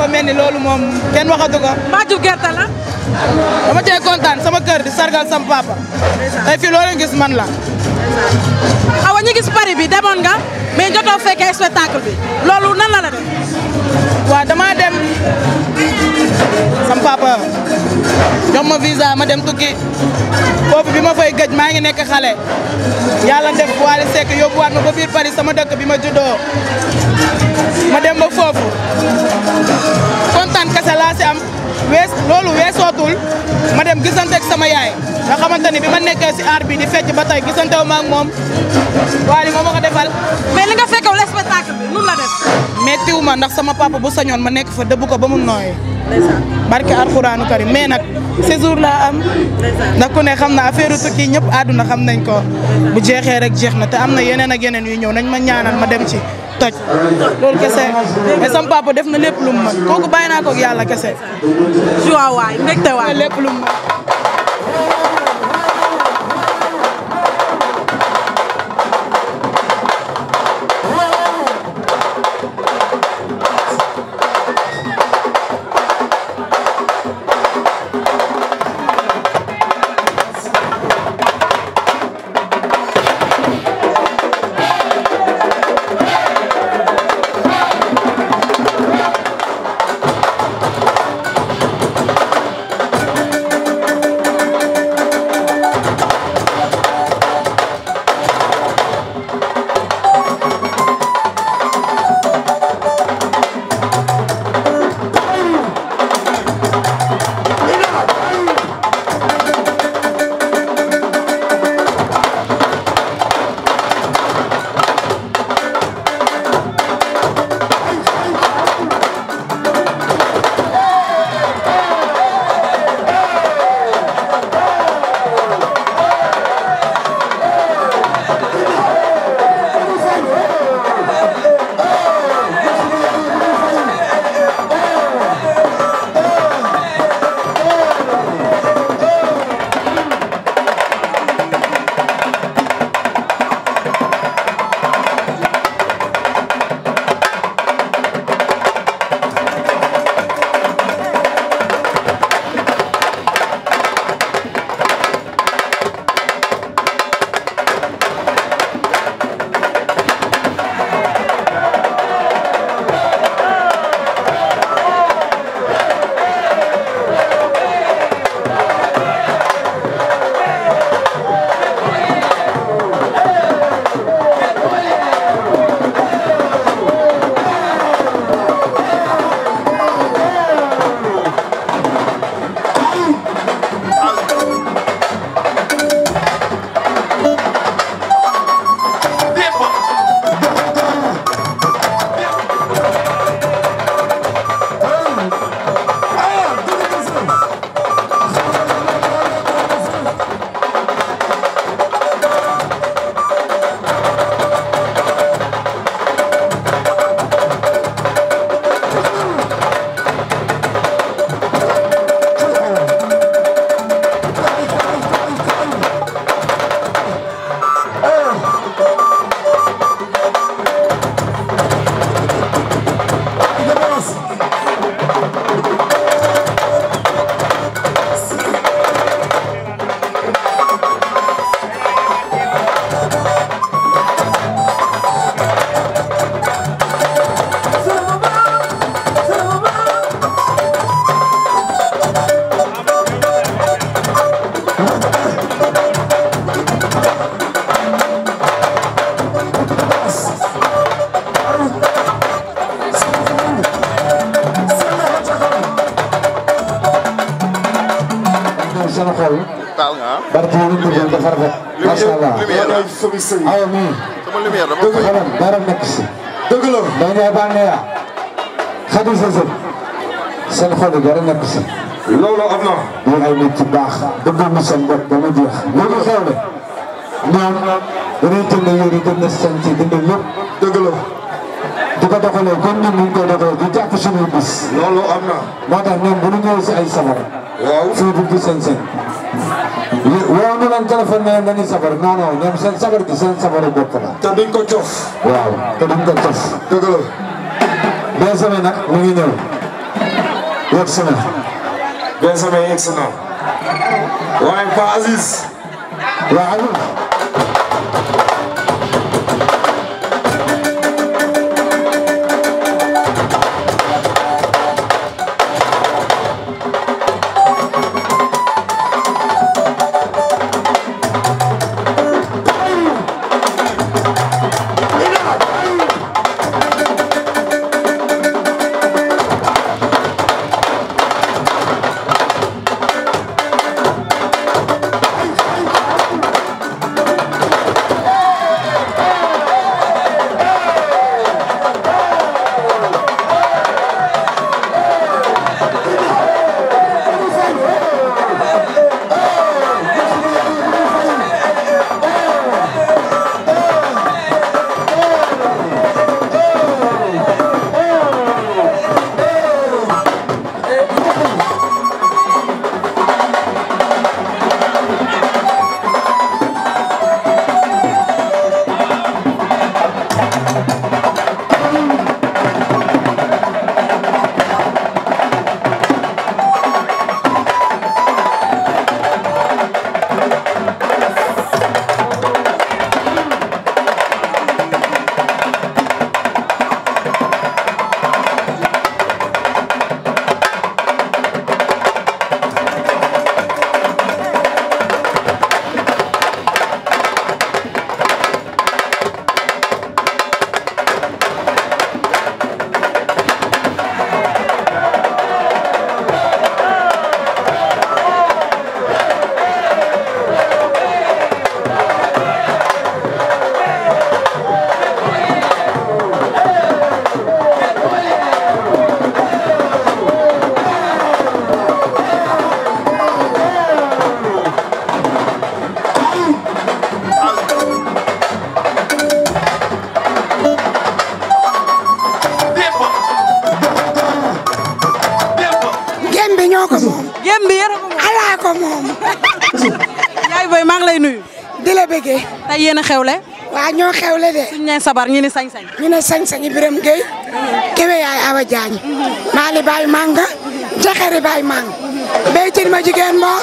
fa mel ni loolu moom kenn waxatu ko. mbaaju gerte la. dama cee kontaan sama kër di sargal sama papa. tey fii loolu gis man la. awa ñu gis Paris bi demoon nga mais jotoo fekkee spectacle bi loolu nan la la def. waaw dama dem sama papa jox ma visa ma dem tukki foofu bi ma fay gëj maa ngi nekk xale yàlla def Wally Seck yóbbuwaat ma ba biir Paris sama dëkk bi ma juddoo ma dem ba foofu. loolu weesootul ma dem gisante ak sama yaay nga xamante ni bi ma nekkee si aar bi di fecc ba tey gisante wu ma ak moom waaye li moom ma ko defal. mais ma ndax sama papa bu sañoon ma nekk fa dëbb ko ba mu nooyee. barke alxuraanu karim mais nag séjour laa am. ndax ku ne xam na affaire tukki ñëpp àdduna xam nañ ko. bu jeexee rek jeex na te am na yeneen ak yeneen yu ñëw nañ ma ñaanal ma dem ci. toj loolu kese mais sama def na lépp lu mu mën kooku bàyyi naa ko ak yàlla kese. waaw waay mbégte waay xajul seen sën seen xol yi dara nekk si. loolu am na. yéen ay nit ci baax. bëgg mu seen bopp ba mu jeex. loolu xew na. ñoom dañuy jënd yéen a jënd seen ci dindi lépp. dëgg la. di ko doxalee comme ñun ñu ngi koy doxalee di jàpp suñuy bis. loolu am na. moo tax ñoom bu ñu ñëwee si ne dañuy sabar non non ñoom seen sabar gi seen ko cof. waaw te duñ ko cof. dëgg la. benn semaine nag mu ngi ñëw benn semaine benn semaine yegg si na waaye Pa Aziz waaw xewle. waaw ñoo xewle de. suñ ne sabar ñu ne sañ-sañ. ñu ne sañ-sañ Birame Gueye. Kébé yaay Awa Diagne. Maali Baye Manga. Jaxari Baye Manga. Béytin ma jigéen Mboor.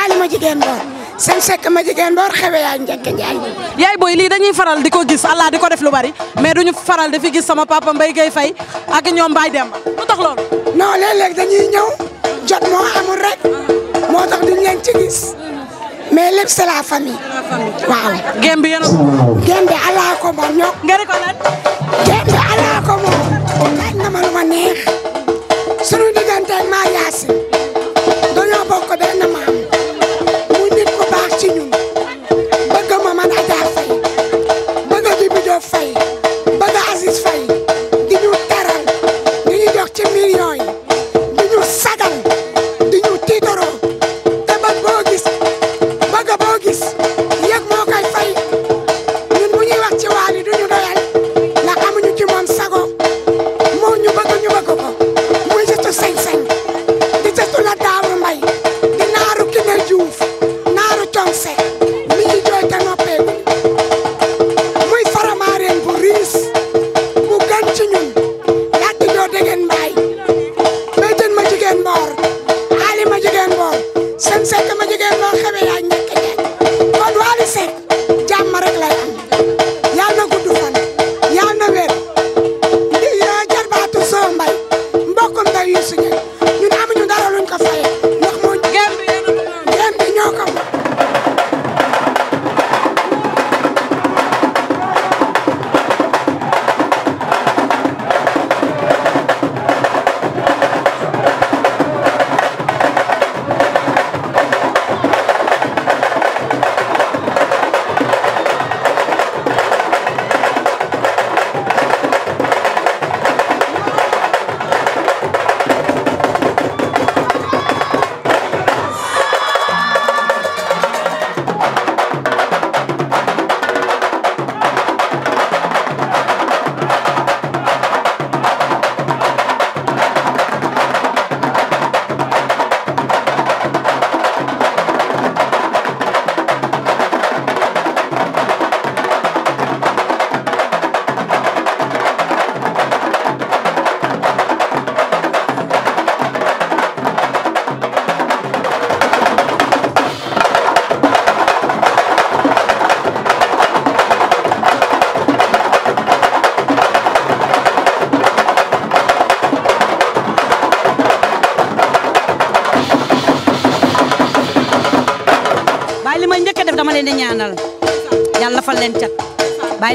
Ali ma jigéen Mboor. sëñ Seck ma jigéen Mboor xewe yaay njëkk njaay. yaay booy lii dañuy faral di ko gis Allah di ko def lu bari mais duñu faral di fi gis sama papa Mbaye Gueye Faye ak ñoom Baye Demba lu tax loolu. non dañuy ñëw jot moo amul rek moo tax duñ leen ci gis. mais lépp c'est la famille. waaw. gem bi yéen a ko. gem bi allah ko moom ko lan. gem bi allah ko neex. sunu diggante maa yaasi. dañoo bokk benn maam.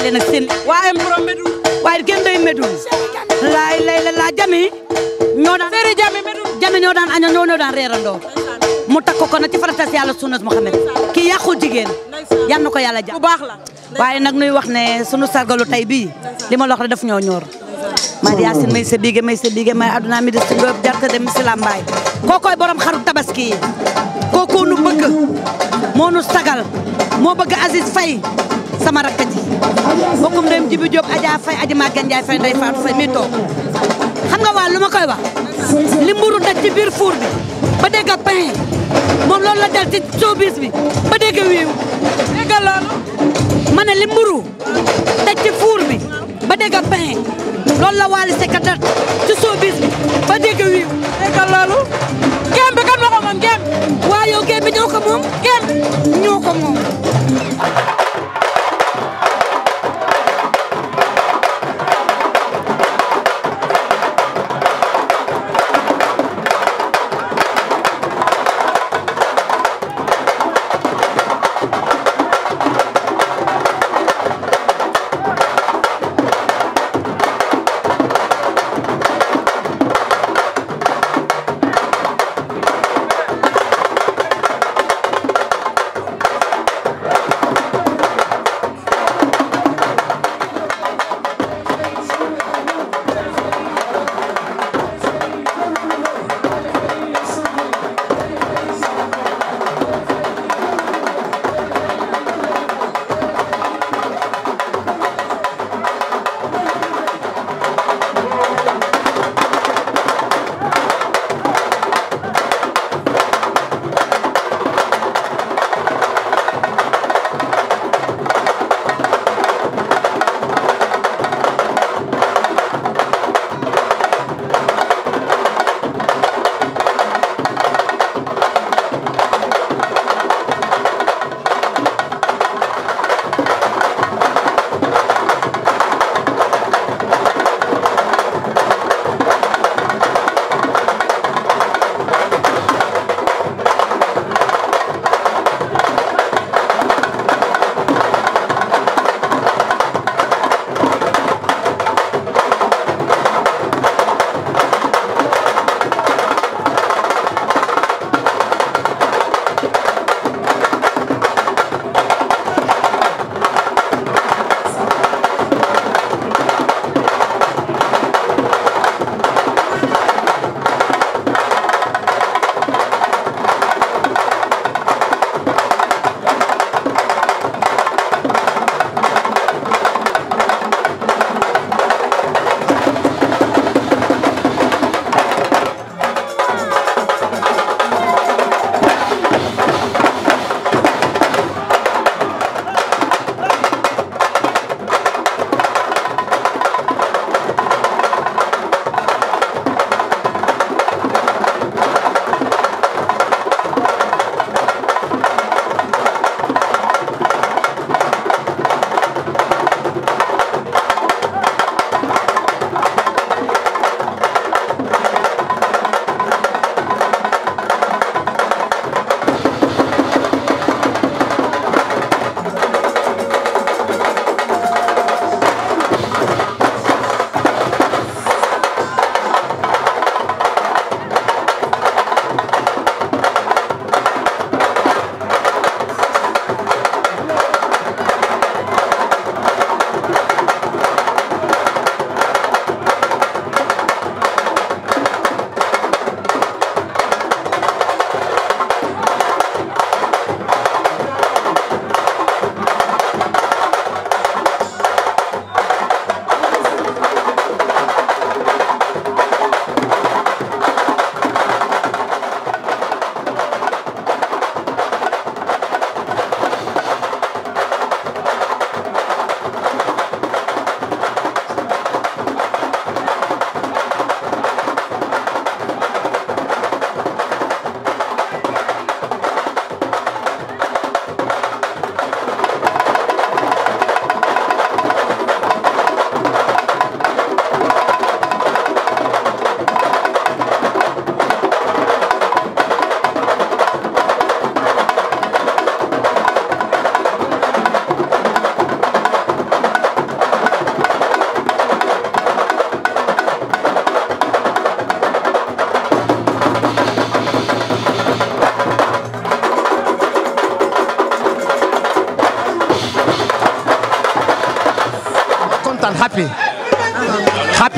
ɓaade no selli waw en pro meɗum wayde kenɗo e meɗum lay lay lalla jami ñoɗan séri jami meɗum jami ñoɗan aña ño ñoɗan reera ndo mu takko kono ci faratas yàlla sunnat mouhamed ki yàqu jigéen yan na ko yàlla jàpp bu baax la waaye nag nuy wax ne sunu sargalu tay bii li ma lox rek daf ñoo ñoor maadi yaasin may sa biige may sa biige may aduna mi di si ngoob jarte dem si lambaay kookoy borom xaru tabaski yi kookoo nu bëgg moo nu sagal moo bëgg Aziz Faye sama rakk ji bokkum ndeyam Jibi Diop Adja Faye Adji Maguette Ndiaye Faye Ndeye Fatou Faye mi xam nga waa lu ma koy wax li daj ci biir fuur bi ba dégg a moom loolu la dal ci showbiz bi ba dégg a ma ne li daj ci fuur bi ba dégg a loolu la Wally Seck ci showbiz bi ba dégg a wéew bi kan ma ko moom gem bi ñoo moom gem ñoo moom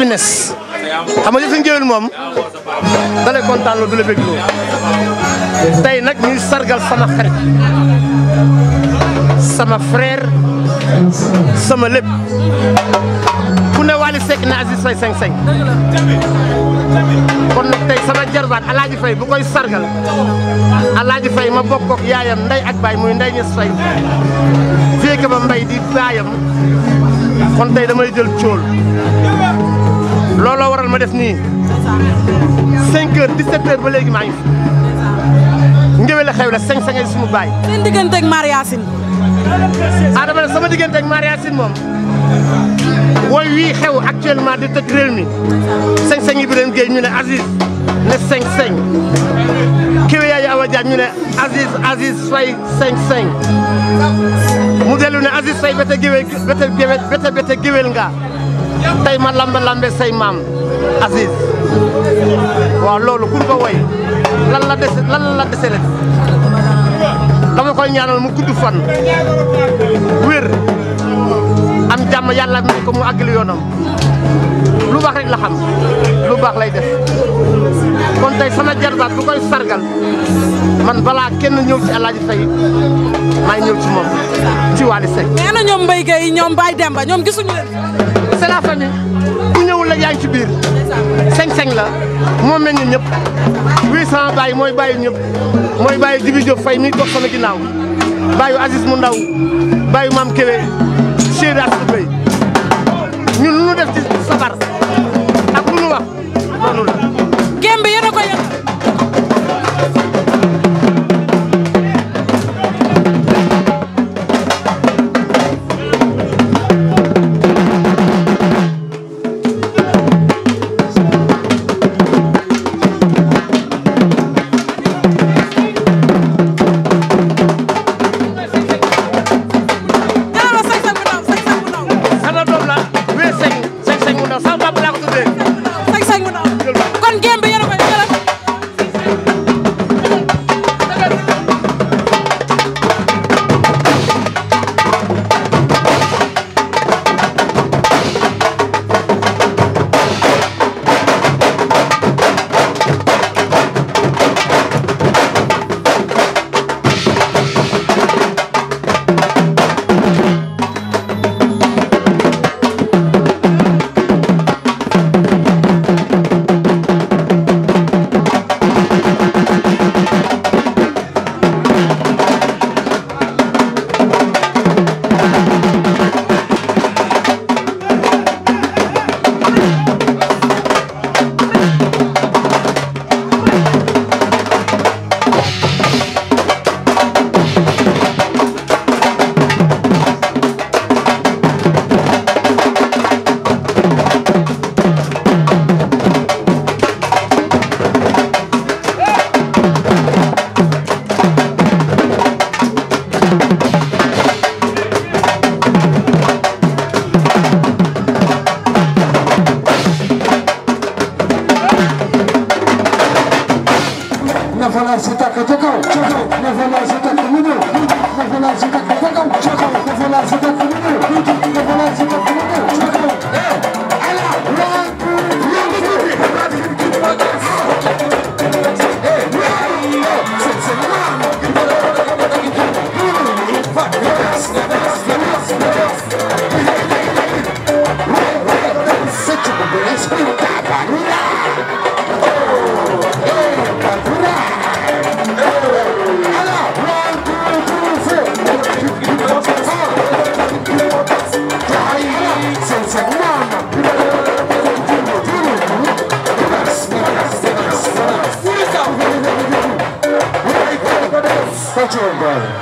nes tey nag ñuy sargal sama xarit sama frère sama lépp ku ne Wally kon nag tey sama jarbaat Alaaji Faye bu koy sargal Alaaji Faye ma bokk ak yaayam ndey ak baay muy ndey ñes Faye fekk ba mbay di baayam kon tey damay jël cóol looloo waral ma def nii 5 heures di heures ba léegi maa ngéwél a xew la cinq sangay suñu baay. seen diggante ak Mar Yacine. Ah, ne sama diggante ak Mar Yacine moom wooy wii xew actuellement di tëj réew mi cinq sang yi bi leen géey ñu ne Aziz ne cinq cinq kiwe yaayu Awa ñu ne Aziz Aziz Faye cinq cinq mu dellu ne Aziz Faye bete géwél bete bete bete géwél nga tey ma lambe lambe say maam Aziz waaw loolu kun ko woy lan la dese lan dese rek dama koy ñaanal mu gudd fan wér am jàmm yàlla mi ko mu àggali yoonam lu baax rek la xam lu baax lay def kon tey sama jarbaat bu koy sargal man balaa kenn ñëw ci Alaaji Fay maay ñëw ci moom ci Waly Seck. nee na ñoom Mbaye Gueye ñoom Baye Demba ñoom gisuñu leen. c'est la famille ku ñëwul rek yaa ngi ci biir sañ-sañ la moo mel ni ñëpp 800 bàyyi mooy bàyyi ñëpp mooy bàyyi Jibi Diop mi toog sama ginnaaw bàyyi Aziz mu ndaw bàyyi maam Kébé Cheikh Astou Bey Talk to him, brother.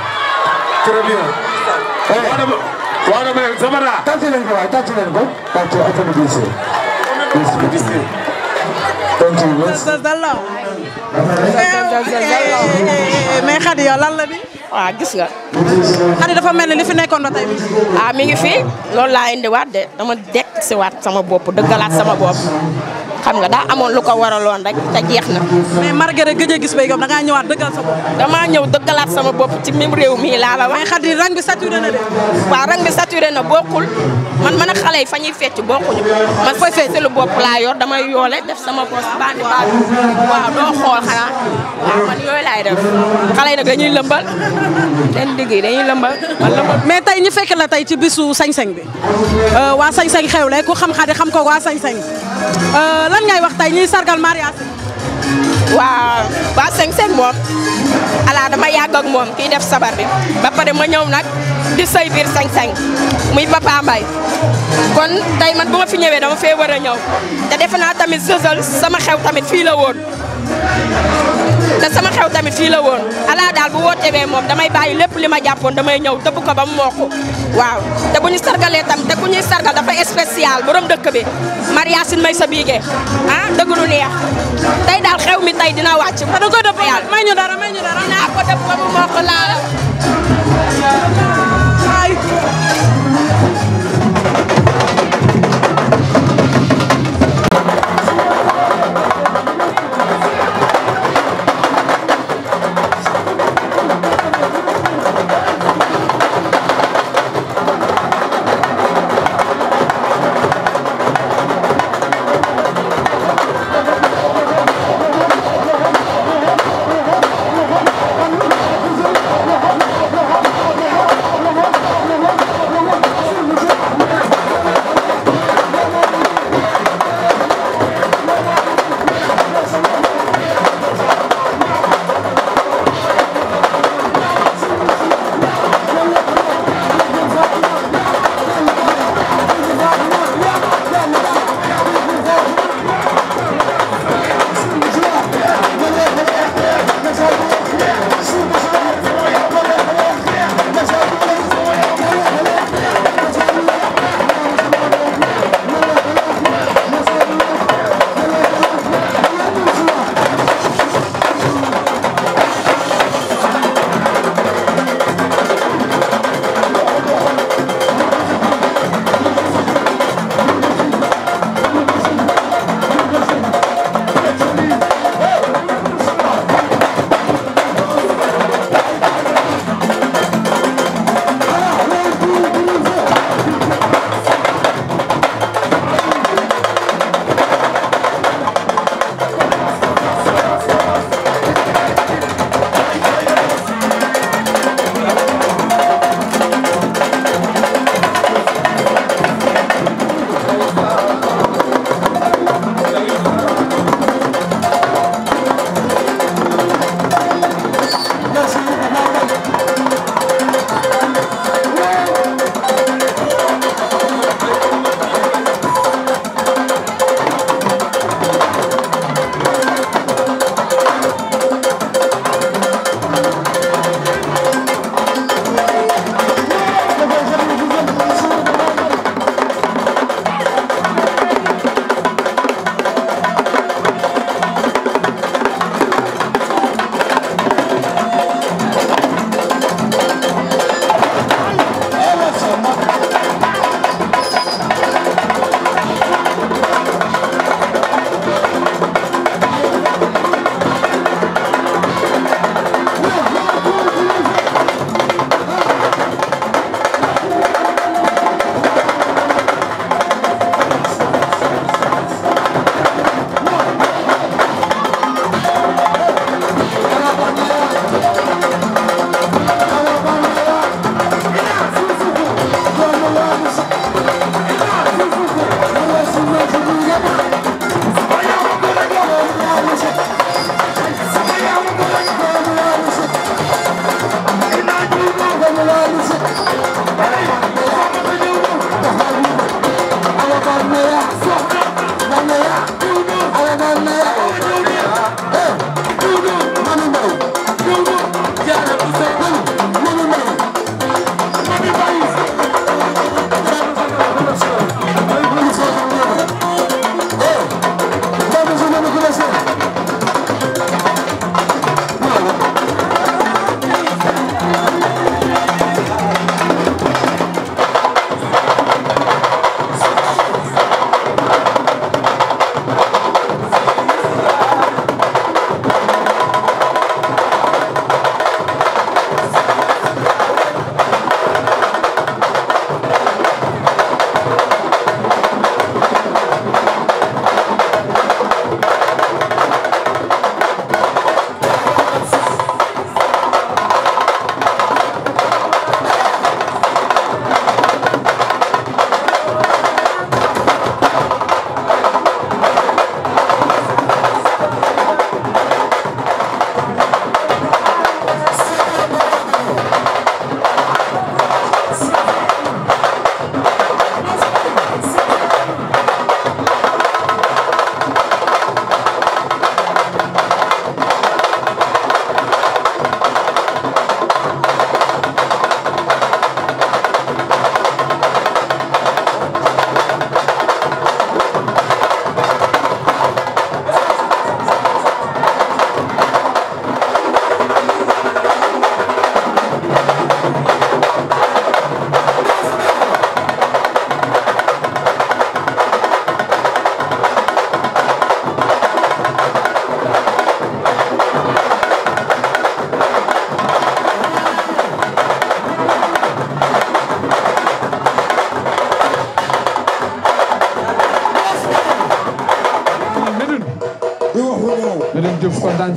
yow lan la bi waaw gis nga xadi dafa mel ni li nekkoon ba tey bi ah mi ngi fi loolu laa indiwaat de dama dekk si waat sama bopp dëggalaat sama bopp xam nga daa amoon lu ko waraloon rek te jeex na. mais Marguerite gëj a gis ba yow da ngaa ñëwaat dëggal sa bopp. damaa ñëw dëggalaat sama bopp ci même réew mi laa la wax. mais Khady rang bi saturé na de. waaw rang bi saturé na bokkul man man ak xale yi fa ñuy fecc bokkuñu man fooy fecc lu bopp laa yor damay yoole def sama bopp bandi bandi waaw doo xool xanaa waaw man yooyu laay def xale yi nag dañuy lëmbal seen digg yi dañuy lëmbal man lëmbal. mais tey ñu fekk la tey ci bisu sañ-sañ bi euh, waa sañ-sañ xewle ku xam Khady xam ko waa sañ-sañ euh, lan ngay wax tey ñuy sargal mariage waaw waa seng seng moom alaa dama ak moom kii def sabar bi ba pare ma ñëw nag di sëy biir seng seng muy papa kon tey man bu ma fi ñëwee dama fee war a ñëw te defe naa tamit sësal sama xew tamit fii la woon te sama xew tamit fii la woon alaa daal bu wootee bee moom damay bàyyi lépp li ma jàppoon damay ñëw dëbb ko ba mu mokk waaw te bu ñu sargalee tam te ku ñuy sargal dafa spécial borom dëkk bi mariage may sa biige ah dëgg lu neex tey daal xew mi tey dina wàcc fa da ko dara may ñu dara naa ko dëpp ba mu mokk laa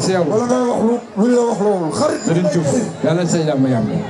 seew. wala ngay wax lu lu ñu la wax loolu xarit. Serigne Diouf yàlla na sëñ bi am na